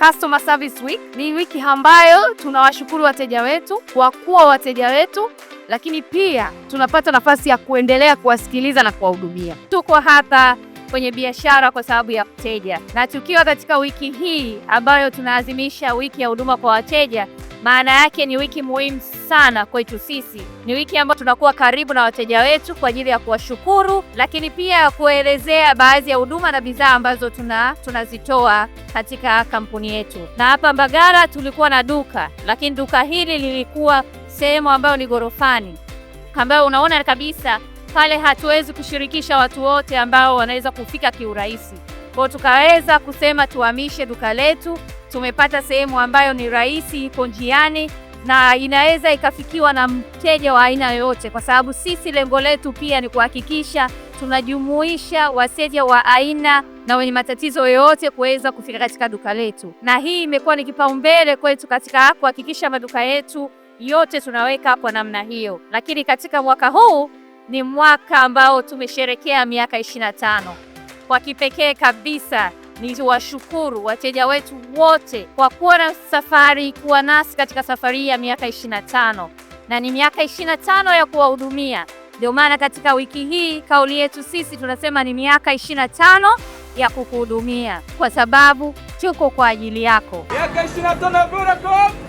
Customer Service Week ni wiki ambayo tunawashukuru wateja wetu kwa kuwa wateja wetu, lakini pia tunapata nafasi ya kuendelea kuwasikiliza na kuwahudumia. Tuko hata kwenye biashara kwa sababu ya wateja, na tukiwa katika wiki hii ambayo tunaazimisha wiki ya huduma kwa wateja maana yake ni wiki muhimu sana kwetu sisi, ni wiki ambayo tunakuwa karibu na wateja wetu kwa ajili ya kuwashukuru, lakini pia kuelezea baadhi ya huduma na bidhaa ambazo tuna tunazitoa katika kampuni yetu. Na hapa Mbagala tulikuwa na duka, lakini duka hili lilikuwa sehemu ambayo ni ghorofani, ambayo unaona kabisa pale hatuwezi kushirikisha watu wote ambao wanaweza kufika kiurahisi, Kwao tukaweza kusema tuhamishe duka letu tumepata sehemu ambayo ni rahisi, iko njiani na inaweza ikafikiwa na mteja wa aina yoyote, kwa sababu sisi lengo letu pia ni kuhakikisha tunajumuisha wateja wa aina na wenye matatizo yoyote kuweza kufika katika duka letu, na hii imekuwa ni kipaumbele kwetu katika kuhakikisha maduka yetu yote tunaweka kwa namna hiyo. Lakini katika mwaka huu ni mwaka ambao tumesherekea miaka 25 kwa kipekee kabisa. Niwashukuru wateja wetu wote kwa kuwa na safari kuwa nasi katika safari ya miaka 25 na ni miaka 25 ya kuwahudumia. Ndio maana katika wiki hii kauli yetu sisi tunasema ni miaka 25 ya kukuhudumia, kwa sababu tuko kwa ajili yako. Miaka 25 bora